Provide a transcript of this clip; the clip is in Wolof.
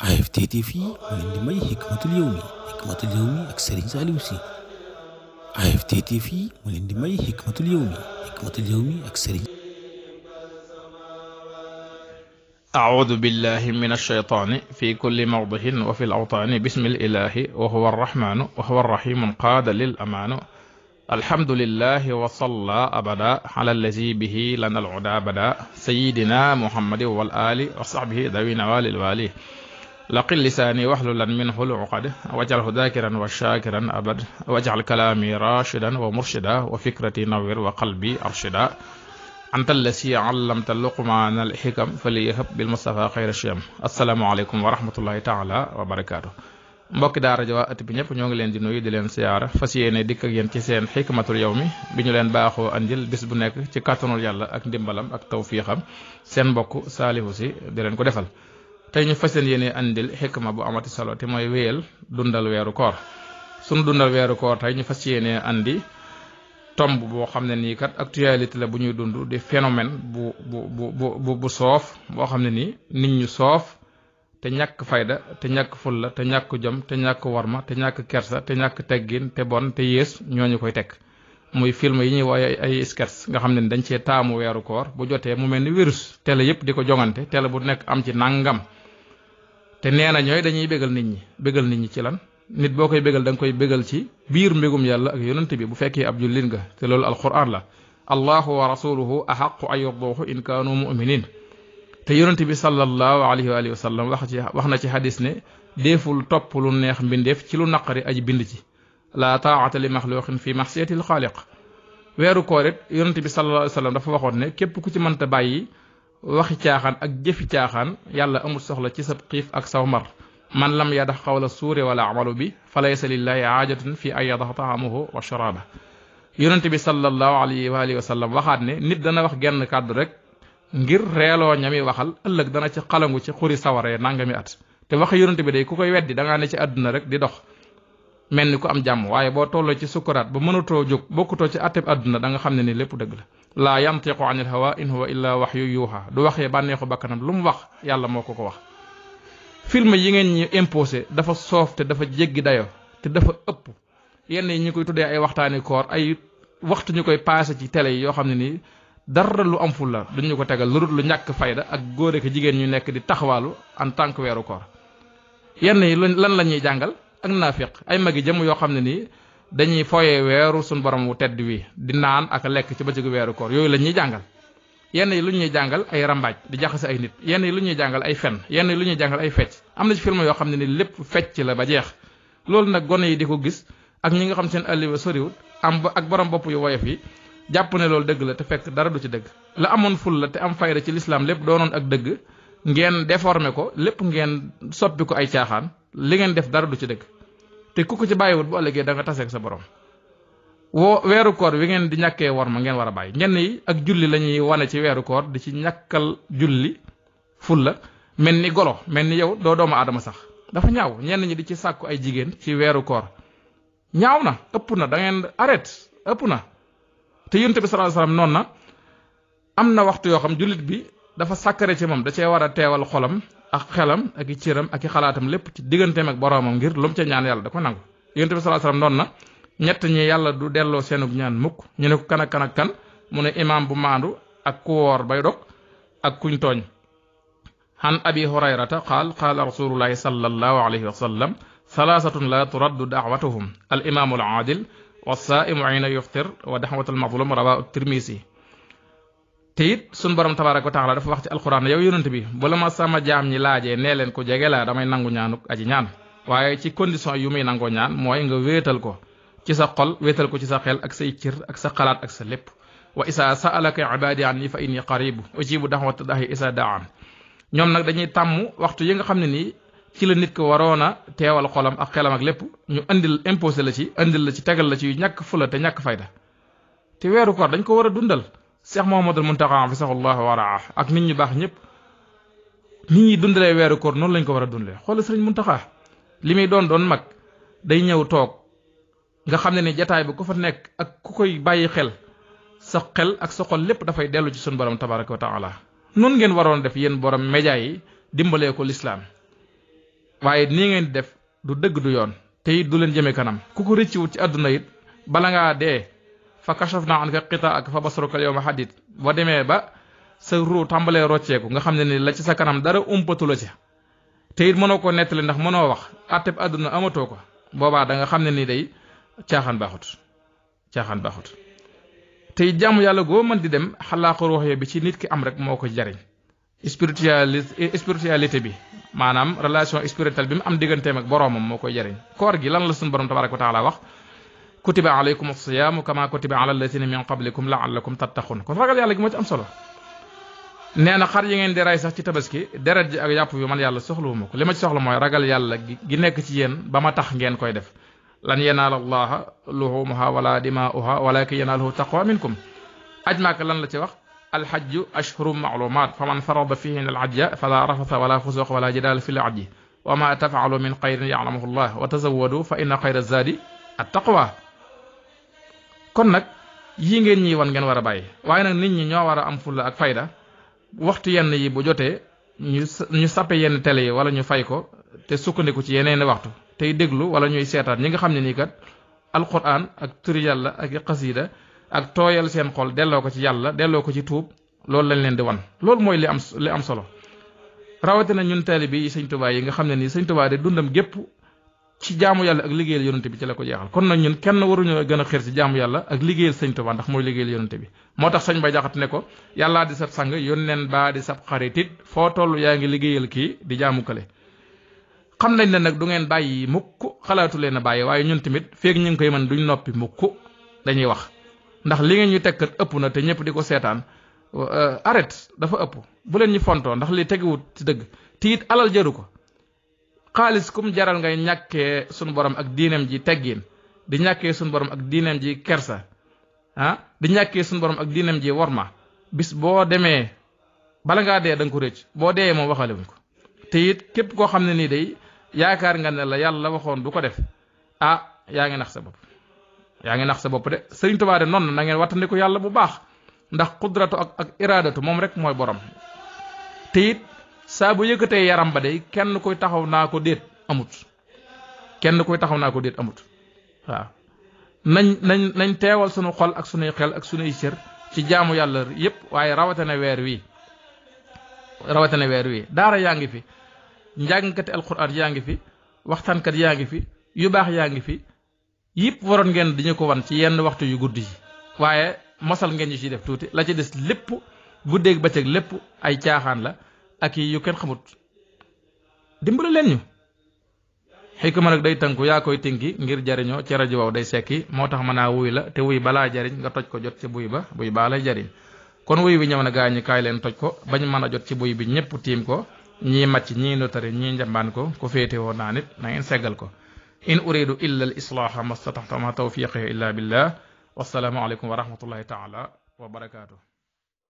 AFT TV mu leen di may Hikmatul Yawmi Hikmatul Yawmi ak Serigne Saliou Sy AFT TV mu leen di may Hikmatul Yawmi Hikmatul Yawmi ak Serigne أعوذ بالله من الشيطان في كل موضع وفي الأوطان بسم الإله وهو الرحمن وهو الرحيم قاد للأمان الحمد لله وصلى أبدا على الذي به لنا العدا بدا سيدنا محمد والآل وصحبه ذوي نوال الوالي laqil lisaani waxlulan minhu luqad waj'alhu daakiran wa shaakiran abad waj'al kalaami raashidan wa murshida wa fikrati nawwir wa qalbi arshida anta allasi allamta luqmaana alxikam faliyahab bil mustafa xayra shiyam asalaamaaleykum wa rahmatullahi taala wa barakaatu mbokki daara ja waa bi ñëpp ñoo ngi leen di nuyu di leen siyaara fas yéene dikk ak yéen ci seen xikmatul yawmi bi ñu leen baaxoo andil bis bu nekk ci kàttanul yàlla ak ndimbalam ak tawfiixam seen mbokk saalihu si di leen ko defal tey ñu fas indil andil xikma bu amati solo te mooy wéyal dundal weeru koor sunu dundal weeru koor tey ñu fas yéene andi tomb boo xam ne nii kat actualité la bu ñuy dund di phénomène bu bu bu bu bu soof boo xam ne nii nit ñu soof te ñàkk fayda te ñàkk fulla te ñàkk jom te ñàkk warma te ñàkk kersa te ñàkk teggin te bon te yées ñu koy teg muy film yi ñuy wooye ay sketch nga xam ne ni dañ cee taamu weeru koor bu jotee mu mel ni virus télé yëpp di ko jongante télé bu nekk am ci nangam te nee na ñooy dañuy béggal nit ñi bégal nit ñi ci lan nit boo koy bégal danga koy bégal ci biir mbégum yàlla ak yonent bi bu fekkee ab jullit nga te loolu alquran la allahu wa rasuluhu ahaqu an yurduhu in kaanu muminin te yonent bi sallallahu alayhi wa alihi wa sallam wax ci wax na ci hadis ne déeful topp lu neex mbindeef ci lu naqari aji bind ci la taa'ata li maxluqin fi maxsiyati alxaaliq weeru koor it bi sallallahu alayhi wa sallam dafa waxoon ne képp ku ci mënta bàyyi waxi caaxaan ak jëfi caaxaan yàlla amul soxla ci sab xiif ak saw mar man lam yadax xawla suure wala amalu bi fa laysa lillahi haajatun fi ay yadax taamahu wa sharaaba yonente bi sallallahu alayhi wa alihi wa sallam waxaat ne nit dana wax genn kàddu rek ngir reeloo ñami waxal ëllëg dana ci xalangu ci xuri sawaree nangami at te wax yonente bi day ku koy weddi da ne ci àdduna rek di dox mel ni ku am jàmm waaye boo tolloo ci sukkuraat ba mënatoo jóg bokkutoo ci atteb àdduna da nga xam ne ni lépp dëgg la laa yantiqu anil hawa in huwa illaa wahyu yuuha du waxee bànneexu bakkanam lu mu wax yàlla moo ko ko wax film yi ngeen ñu imposé dafa soof te dafa jéggi dayo te dafa ëpp yenn yi ñu koy tuddee ay waxtaani koor ay waxtu ñu koy passé ci tele yi yoo xam ne nii dara lu am ful la duñu ko tegal lu dul lu ñàkk fayda ak góor jigéen ñu nekk di taxawaalu en tant que weeru koor yenn yi lan la ñuy jàngal ak naafiq ay magi jëm yoo xam ne nii dañuy foyee weeru suñu borom wu tedd wi di naan ak lekk ci bëccëgu weeru koor yooyu la ñuy jàngal yenn yi lu ñuy jàngal ay rambaaj di jaxase ay nit yenn yi lu ñuy jàngal ay fen yenn yi lu ñuy jàngal ay fecc am na ci film yoo xam ne ni lépp fecc la ba jeex loolu nag gone yi di ko gis ak ñi nga xam seen alliwa soriwut am ak borom bopp yu woyof yi jàpp ne loolu dëgg la te fekk dara du ci dëgg la amoon ful la te am fayda ci lislaam lépp doonoon ak dëgg ngeen déformé ko lépp ngeen soppi ko ay caaxaan li ngeen def dara du ci dëgg te ku ko ci bàyyiwut bu ëllëgee da nga taseeg sa borom woo weeru koor wi ngeen di ñàkkee war ma ngeen war a bàyyi ñenn yi ak julli la ñuy wane ci weeru koor di ci ñàkkal julli fulla mel ni golo mel ni yow doo doomu aadama sax dafa ñaaw ñenn ñi di ci sàkku ay jigéen ci weeru koor ñaaw na ëpp na dangeen ngeen arrêté ëpp na te yonent bi sallallahu alayhi wasallam noonu na am na waxtu yoo xam jullit bi dafa sàkkare ci moom da cee war a teewal xolam ak xelam ak i cëram ak i xalaatam lépp ci diggante ak boroomam ngir lu mu ñaan yàlla da ko nangu yonent bi sallallahu alayhi wasallam na ñett ñi yàlla du delloo seenub ñaan mukk ñu ne ko kan mu ne imaam bu maandu ak ku woor bay dog ak kuñ tooñ an abi hurayrata qaal qaala rasulullahi sallallahu alayhi la turaddu da'watuhum al imaamu al aadil wa saaimu xiina yuftir wa da'watu al mazlum rawaahu tirmisi te it sunu borom tabaaraka wa taala dafa wax ci alxuraan yow yonent bi bala ma sama jaam ñi laajee nee leen ko jege laa damay nangu ñaanuk aji ñaan waaye ci condition yu muy nangoo ñaan mooy nga wéetal ko ci sa xol wéetal ko ci sa xel ak say cër ak sa xalaat ak sa lépp wa isa saalaka ibadi an ni fa inni qaribu ujibu daxwata daxi isa daan ñoom nag dañuy tàmm waxtu yi nga xam ne nii ci la nit ko waroon a teewal xolam ak xelam ak lépp ñu indil imposé la ci indil la ci tegal la ci ñàkk fula te ñàkk fayda te weeru dañ ko war a dundal Cheikh Mouhamadul Mountakha hafizahu Allahu wa ra'ah ak nit ñu baax ñëpp nit ñi dundalee weeru koor noonu lañ ko war a dundalee xoolal sëriñ Mountakha li muy doon doon mag day ñëw toog nga xam ne ne jataay bi ku fa nekk ak ku koy bàyyi xel sa xel ak sa xol lépp dafay dellu ci suñu borom tabaraka wa taala noonu ngeen waroon def yéen borom média yi dimbalee ko lislaam waaye nii ngeen di def du dëgg du yoon te it du leen jëme kanam ku ko rëcciwut ci àdduna it bala ngaa fa kashaf naa an ka xita ak fa basaraka al a xadid boo demee ba sa ruu tàmbalee rocceeku nga xam ne ni la ci sa kanam dara umpatu ci te it mënoo koo nettali ndax mënoo wax àtteb àdduna amatoo ko boobaa da nga xam ne ni day caaxaan baaxut caaxaan baaxut te it jàmm yàlla goo mën di dem xalaaqu ruux bi ci nit ki am rek moo ko jariñ spiritualité spiritualité bi maanaam relation spirituelle bi mu am digganteem ak boroomam moo koy jariñ koor gi lan la suñu borom tabaaraka wa wax kutiba alaykum asiyaamu kama kutiba ala alladina min qablikum laallakum tattaqun kon ragal yàlla gi moo ci am solo nee na xar yi ngeen di rey sax ci tabaski deret ji ak yàpp bi man yàlla soxluwuma ko li ma ci soxla mooy ragal yàlla gi nekk ci yéen ba ma tax ngeen koy def lan yenaal allaha luhumuha wala dimaa'uha walakin yanaaluhu taqwa minkum aj maaka lan la ci wax alxajju ashhurun maalumaat fa man farada fihin al ajja fala rafasa wala fusuq wala jidaal fi l ajji wa ma tafaalu min xayrin yaclamuhu llah wa tazawadu fa inna xayra zaadi attaqwa kon nag yii ngeen ñi wan ngeen war a bàyyi waaye nag nit ñi ñoo war a am fulla ak fayda waxtu yenn yi bu jotee ñu ñu sappe yenn tele yi wala ñu fay ko te sukkandiku ci yeneen waxtu tey déglu wala ñuy seetaat ñi nga xam ne nii kat alquran ak turi yàlla ak xasiida ak tooyal seen xol delloo ko ci yàlla delloo ko ci tuub loolu lañ leen di wan loolu mooy li am li am solo rawatina ñun taalibe yi sëñ Tuubaa yi nga xam ne nii sëñ Tuubaa de dundam gépp ci jaamu yàlla ak liggéeyal yonente bi ci la ko jeexal kon nag ñun kenn waruñu gën a xër ci jaamu yàlla ak liggéeyal sëñ Tuubaa ndax mooy liggéeyal yonente bi moo tax sëñ Bay Jaxate ne ko yàllaa di sab yoon yónneen baa di sab xaritit foo toll yaa ngi liggéeyal kii di jaamu kale xam nañ ne nag du ngeen bàyyi mukk xalaatu leen a bàyyi waaye ñun tamit feeg ñu ngi koy mën duñu noppi mukk dañuy wax ndax li ngeen ñu tekkat ëpp na te ñëpp di ko seetaan arrête dafa ëpp bu leen ñu fontoo ndax li teguwut ci dëgg tiit alal jaru ko xaalis kum jaral ngay ñàkkee sunu borom ak diineem ji teggin di ñàkkee sunu borom ak diineem ji kersa ah di ñàkkee sunu borom ak diineem ji worma bis boo demee bala ngaa dee da ko rëcc boo dee moom waxale ko te it képp koo xam ne nii day yaakaar nga ne la yàlla waxoon du ko def ah yaa ngi nax sa bopp yaa ngi nax sa bopp de Sëriñ Tuubaa noonu na ngeen wattandiku yàlla bu baax ndax qudratu ak ak iraadatu moom rek mooy borom saa bu yëkkatee yaram ba day kenn koy taxaw naa ko déet amut kenn koy taxaw naa ko déet amut waaw nañ nañ nañ teewal suñu xol ak suñuy xel ak suñuy cër ci jaamu yàlla yépp waaye rawatina weer wi rawatina weer wi daara yaa ngi fi njàngkati alxuraan yaa ngi fi waxtaankat yaa ngi fi yu baax yaa ngi fi yëpp waroon ngeen diñu ko won ci yenn waxtu yu guddi yi waaye mosal ngeen ñu ciy def tuuti la ci des lépp guddeek ba bëccëg lépp ay caaxaan la ak yi yu kenn xamut dimbali leen ñu xikma nag day tënku yaa koy tinki ngir jariñoo ci rajo waaw day sekki moo tax ma naa wuy la te wuy balaa jariñ nga toj ko jot ca buy ba buy baa lay jariñ kon wuy bi ñëw na gaañukaay leen toj ko bañ mën a jot ci buy bi ñëpp tiim ko ñii màcc ñii notari ñii njambaan ko ku féete naa nit na seggal ko in uridu illa al islaaha mastataxta ma tawfiqihi illa billah wassalaamu aleykum wa rahmatullahi wa barakaatu